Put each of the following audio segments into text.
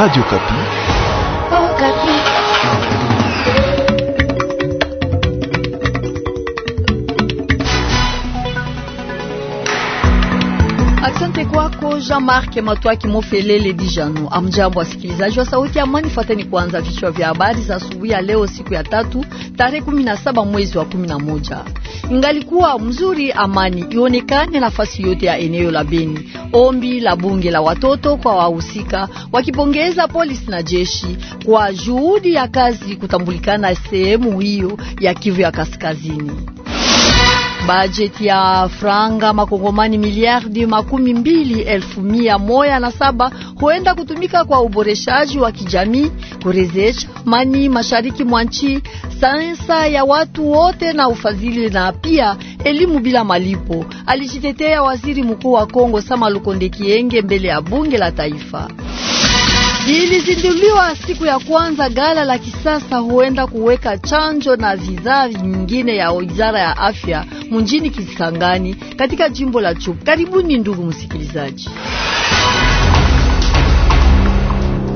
Radio Kapi. Oh, Kapi. Asante kwako Jean-Marc Matwaki Mofelele Dijano. Amjambo wasikilizaji wa Sauti ya Amani, fuateni kwanza vichwa vya habari za asubuhi ya leo siku ya tatu tarehe 17 mwezi wa 11 ingalikuwa mzuri amani ionekane nafasi yote ya eneo la Beni. Ombi la bunge la watoto kwa wahusika wakipongeza polisi na jeshi kwa juhudi ya kazi kutambulikana sehemu hiyo ya Kivu ya Kaskazini. Bajeti ya franga makongomani miliardi makumi mbili elfu mia moya na saba huenda kutumika kwa uboreshaji wa kijamii, kurezesha mani mashariki mwa nchi, sansa ya watu wote na ufadhili na pia elimu bila malipo, alijitetea waziri mkuu wa Kongo Sama Lukonde Kienge mbele ya bunge la taifa. Lilizinduliwa siku ya kwanza gala la kisasa huenda kuweka chanjo na vidhaa nyingine ya wizara ya afya mjini Kisangani katika jimbo la Chuku. Karibuni ndugu msikilizaji.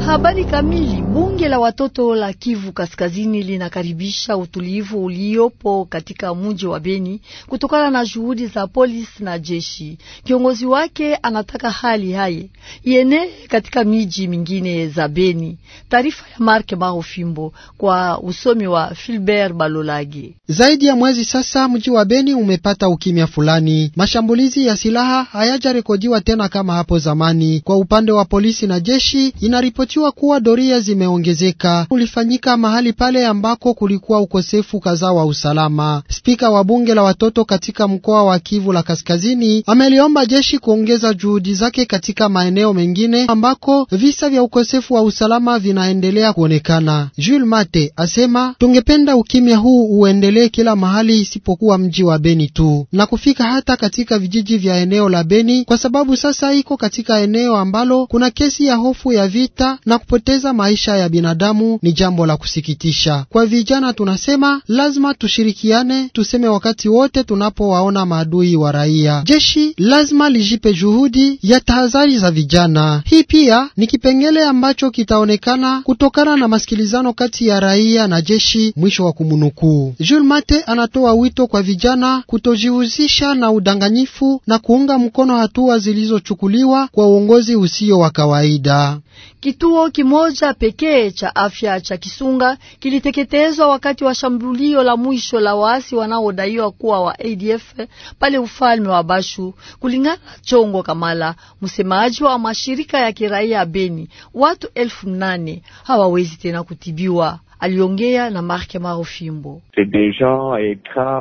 Habari kamili. Bunge la watoto la Kivu Kaskazini linakaribisha utulivu uliopo katika mji wa Beni kutokana na juhudi za polisi na jeshi. Kiongozi wake anataka hali haye ienee katika miji mingine za Beni. Taarifa ya Mark Mahofimbo kwa usomi wa Filbert Balolage. Zaidi ya mwezi sasa mji wa Beni umepata ukimya fulani. Mashambulizi ya silaha hayajarekodiwa tena kama hapo zamani. Kwa upande wa polisi na jeshi inaripoti kuripotiwa kuwa doria zimeongezeka, kulifanyika mahali pale ambako kulikuwa ukosefu kadhaa wa usalama. Spika wa bunge la watoto katika mkoa wa Kivu la Kaskazini ameliomba jeshi kuongeza juhudi zake katika maeneo mengine ambako visa vya ukosefu wa usalama vinaendelea kuonekana. Jules Mate asema, tungependa ukimya huu uendelee kila mahali isipokuwa mji wa Beni tu na kufika hata katika vijiji vya eneo la Beni, kwa sababu sasa iko katika eneo ambalo kuna kesi ya hofu ya vita na kupoteza maisha ya binadamu ni jambo la kusikitisha. Kwa vijana tunasema lazima tushirikiane, tuseme wakati wote tunapowaona maadui wa raia. Jeshi lazima lijipe juhudi ya tahadhari za vijana. Hii pia ni kipengele ambacho kitaonekana kutokana na masikilizano kati ya raia na jeshi. Mwisho wa kumunukuu Jules Mate anatoa wito kwa vijana kutojihusisha na udanganyifu na kuunga mkono hatua zilizochukuliwa kwa uongozi usio wa kawaida Kitu Kituo kimoja pekee cha afya cha Kisunga kiliteketezwa wakati wa shambulio la mwisho la waasi wanaodaiwa kuwa wa ADF pale ufalme wa Bashu, kulingana na Chongo Kamala, msemaji wa mashirika ya kiraia Beni. Watu elfu nane hawawezi tena kutibiwa aliongea na Mark Maro Fimbo. C'est un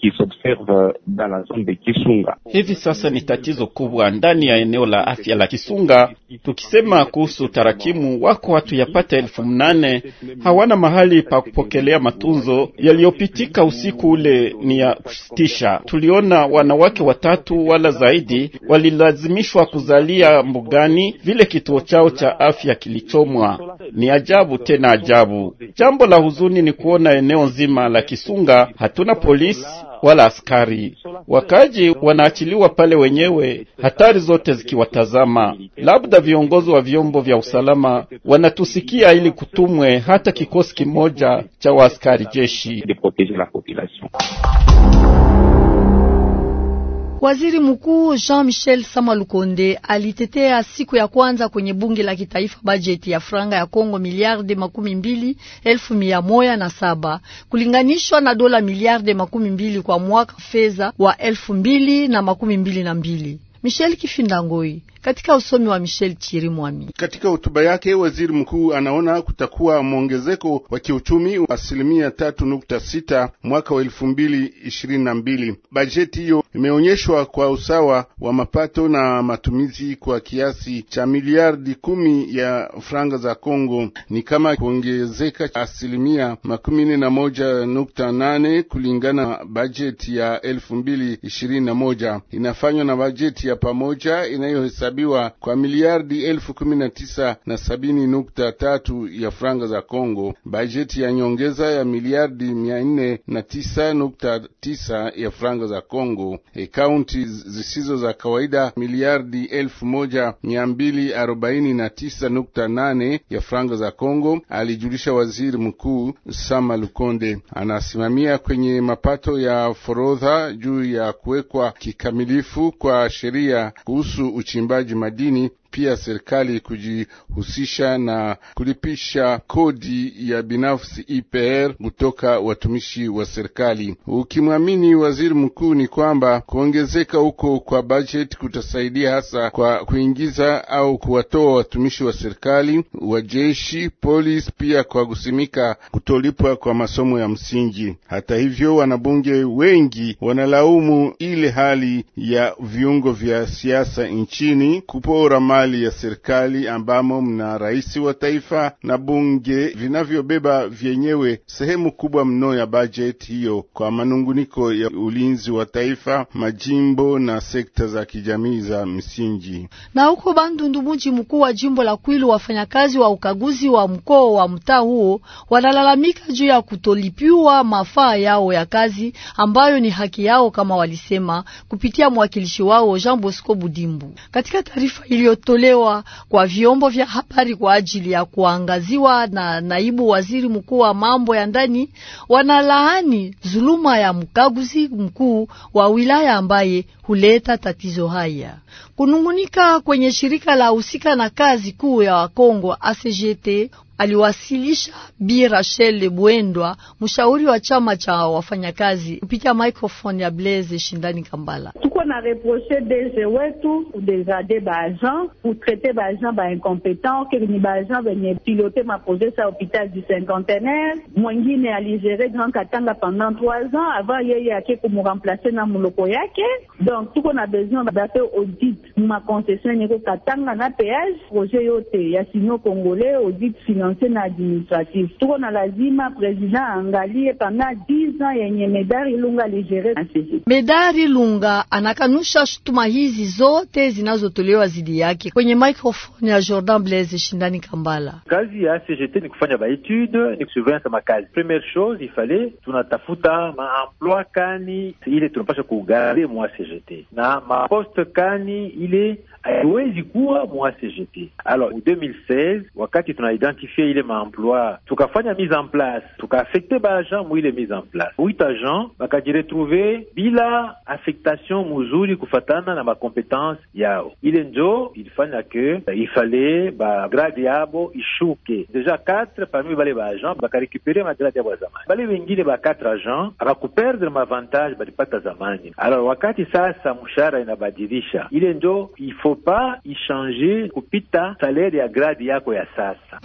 qui s'observe dans la zone de Kisunga. Hivi sasa ni tatizo kubwa ndani ya eneo la afya la Kisunga. Tukisema kuhusu tarakimu, wako watu yapata elfu mnane hawana mahali pa kupokelea matunzo. Yaliyopitika usiku ule ni ya kusitisha. Tuliona wanawake watatu wala zaidi walilazimishwa kuzalia mbugani, vile kituo chao cha afya kilichomwa. Ni ajabu tena ajabu. Jambo la huzuni ni kuona eneo nzima la Kisunga hatuna polisi wala askari, wakaji wanaachiliwa pale wenyewe, hatari zote zikiwatazama. Labda viongozi wa vyombo vya usalama wanatusikia ili kutumwe hata kikosi kimoja cha waaskari jeshi. Waziri Mkuu Jean-Michel samalukonde alitetea siku ya kwanza kwenye bunge la kitaifa bajeti ya franga ya Kongo miliarde makumi mbili elfu mia moya na saba kulinganishwa na dola miliarde makumi mbili kwa mwaka fedha wa elfu mbili na makumi mbili na mbili. Michel Kifindangoi katika usomi wa Michel Chirimwami. Katika hotuba yake, waziri mkuu anaona kutakuwa mwongezeko wa kiuchumi wa asilimia tatu nukta sita mwaka wa elfu mbili ishirini na mbili. Bajeti hiyo imeonyeshwa kwa usawa wa mapato na matumizi kwa kiasi cha miliardi kumi ya franga za Kongo, ni kama kuongezeka asilimia makumi nne na moja nukta nane kulingana na bajeti ya elfu mbili ishirini na moja inafanywa na bajeti ya pamoja inayohesabiwa kwa miliardi elfu kumi na tisa na sabini nukta tatu ya franga za Kongo, bajeti ya nyongeza ya miliardi mia nne na tisa nukta tisa ya franga za Kongo, e, kaunti zisizo za kawaida miliardi elfu moja mia mbili arobaini na tisa nukta nane ya franga za Kongo, alijulisha waziri mkuu Sama Lukonde. Anasimamia kwenye mapato ya forodha juu ya kuwekwa kikamilifu kwa sheria sheria kuhusu uchimbaji madini pia serikali kujihusisha na kulipisha kodi ya binafsi IPR kutoka watumishi wa serikali. Ukimwamini waziri mkuu, ni kwamba kuongezeka huko kwa bajeti kutasaidia hasa kwa kuingiza au kuwatoa watumishi wa serikali, jeshi, polisi, pia kwa kusimika kutolipwa kwa masomo ya msingi. Hata hivyo, wanabunge wengi wanalaumu ile hali ya viungo vya siasa nchini kupora mali hali ya serikali ambamo mna rais wa taifa na bunge vinavyobeba vyenyewe sehemu kubwa mno ya bajeti hiyo kwa manunguniko ya ulinzi wa taifa, majimbo na sekta za kijamii za msingi. Na huko Bandundu, mji mkuu wa jimbo la Kwilu, wafanyakazi wa ukaguzi wa mkoa wa mtaa huo wanalalamika juu ya kutolipiwa mafaa yao ya kazi ambayo ni haki yao, kama walisema kupitia mwakilishi wao Jean Bosco Budimbu katika taarifa iliyotoa kutolewa kwa vyombo vya habari kwa ajili ya kuangaziwa na naibu waziri mkuu wa mambo ya ndani wanalaani zuluma ya mkaguzi mkuu wa wilaya ambaye huleta tatizo haya. Kunungunika kwenye shirika la husika na kazi kuu ya Wakongo ACGT aliwasilisha Bi Rachel Bwendwa, mshauri wa chama cha wafanyakazi, kupitia microphone ya Blaise Shindani Kambala. tuko na reproche DG wetu kudegrade baagent kutraite baagent bainkompetent keni venait venye ma maproje sa hopital du cinquantenaire. Mwengine aligere Grand Katanga pendant trois ans avant yeye ake kumuremplace na muloko yake. Donc tuko na besoin bape audit ma concession nyeko Katanga na peage proje yote ya sino congolais audit finanse na administrative. Tuko na lazima president angalie pana diza yenye Medari Lunga aligere. Medari Lunga anakanusha shutuma hizi zote zinazotolewa zidi yake. Kwenye microphone ya Jordan Blaise Shindani Kambala, kazi ya CGT ni kufanya ba etude ni kusurveillance makazi. Première chose il ifale tunatafuta emploi kani ile tunapasha kugarie mwa CGT na ma poste kani ile haiwezi kuwa mwa CGT. Alors 2016 wakati tunaidentifi kuantifia ile maemploi, tukafanya mise en place, ba baagent muile mise en place, wit agent bakajiretrouve bila affectation muzuri kufatana na makompetanse yao. Ile njo ilifanya ke ifale grade yabo ishuke deja 4 parmi bale baagent bakarekupere magrade yabo ya zamani, bale wengine ba 4 agent abakuperdre maavantage balipata zamani. Alors wakati sasa mshahara inabadilisha ile njo ifo pa ishange kupita salaire ya grade yako ya sasa.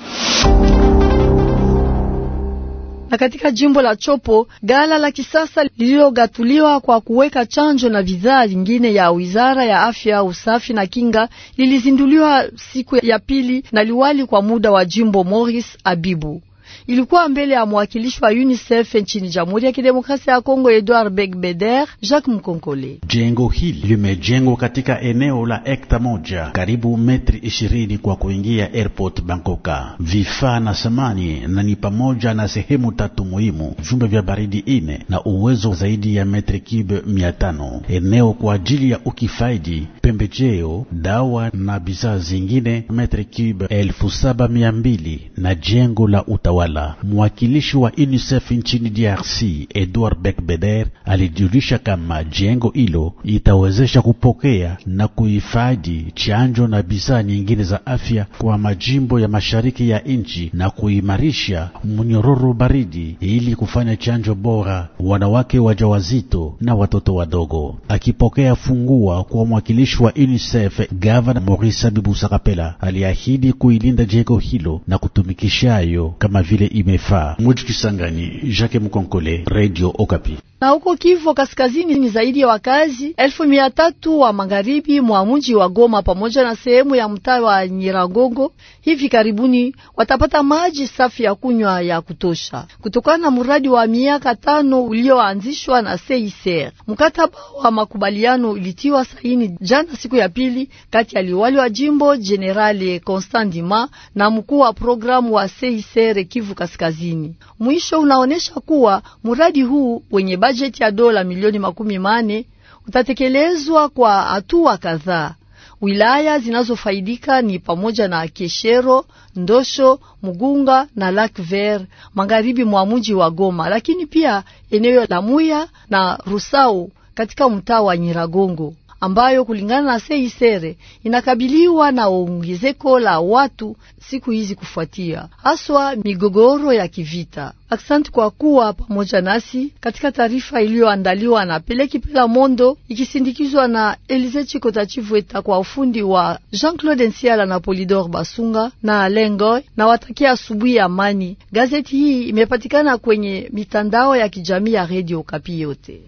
Na katika jimbo la Chopo, gala la kisasa lililogatuliwa kwa kuweka chanjo na bidhaa zingine ya wizara ya afya, usafi na kinga lilizinduliwa siku ya pili na liwali kwa muda wa jimbo Morris Abibu ilikuwa mbele ya mwakilishi wa UNICEF nchini Jamhuri ya Kidemokrasia ya Kongo Edouard Begbeder Jacques Mkonkole. Jengo hili limejengwa katika eneo la hekta moja karibu metri ishirini kwa kuingia airport Bankoka. Vifaa na samani na ni pamoja na sehemu tatu muhimu, vyumba vya baridi ine na uwezo zaidi ya metri cube mia tano eneo kwa ajili ya ukifaidi, pembejeo, dawa na bidhaa zingine metri kibe elfu saba mia mbili na jengo la utawala Kampala, mwakilishi wa UNICEF nchini DRC Edward Bekbeder alijulisha kama jengo hilo itawezesha kupokea na kuhifadhi chanjo na bidhaa nyingine za afya kwa majimbo ya mashariki ya nchi na kuimarisha mnyororo baridi ili kufanya chanjo bora wanawake wajawazito na watoto wadogo. Akipokea fungua kwa mwakilishi wa UNICEF, Gavana Maurice Abibusakapela aliahidi kuilinda jengo hilo na kutumikishayo kama vile vile imefaa. Mwetu Kisangani, Jacques Mkonkole, Radio Okapi. Na huko Kivu Kaskazini ni zaidi ya wakazi elfu mia tatu wa magharibi mwa mji wa Goma pamoja na sehemu ya mtaa wa Nyiragongo hivi karibuni watapata maji safi ya kunywa ya kutosha kutokana na mradi wa miaka tano ulioanzishwa na CICR. Mkataba wa makubaliano ulitiwa saini jana siku ya pili kati ya liwali wa jimbo General Constant Dima na mkuu wa programu wa CICR Kivu Kaskazini. Mwisho unaonesha kuwa mradi huu wenye bajeti ya dola milioni makumi mane utatekelezwa kwa hatua kadhaa. Wilaya zinazofaidika ni pamoja na Keshero, Ndosho, Mugunga na Lac Vert magharibi mwa mji wa Goma, lakini pia eneo la Muya na Rusau katika mtaa wa Nyiragongo ambayo kulingana na seisere inakabiliwa na ongezeko la watu siku hizi kufuatia haswa migogoro ya kivita. Aksanti kwa kuwa pamoja nasi katika taarifa iliyoandaliwa na Peleki Pela Mondo ikisindikizwa na Elize Chikota Chivweta kwa ufundi wa Jean-Claude Nsiala na Polidor Basunga na Lengoy, na watakia asubuhi ya amani. Gazeti hii imepatikana kwenye mitandao ya kijamii ya redio Kapi yote.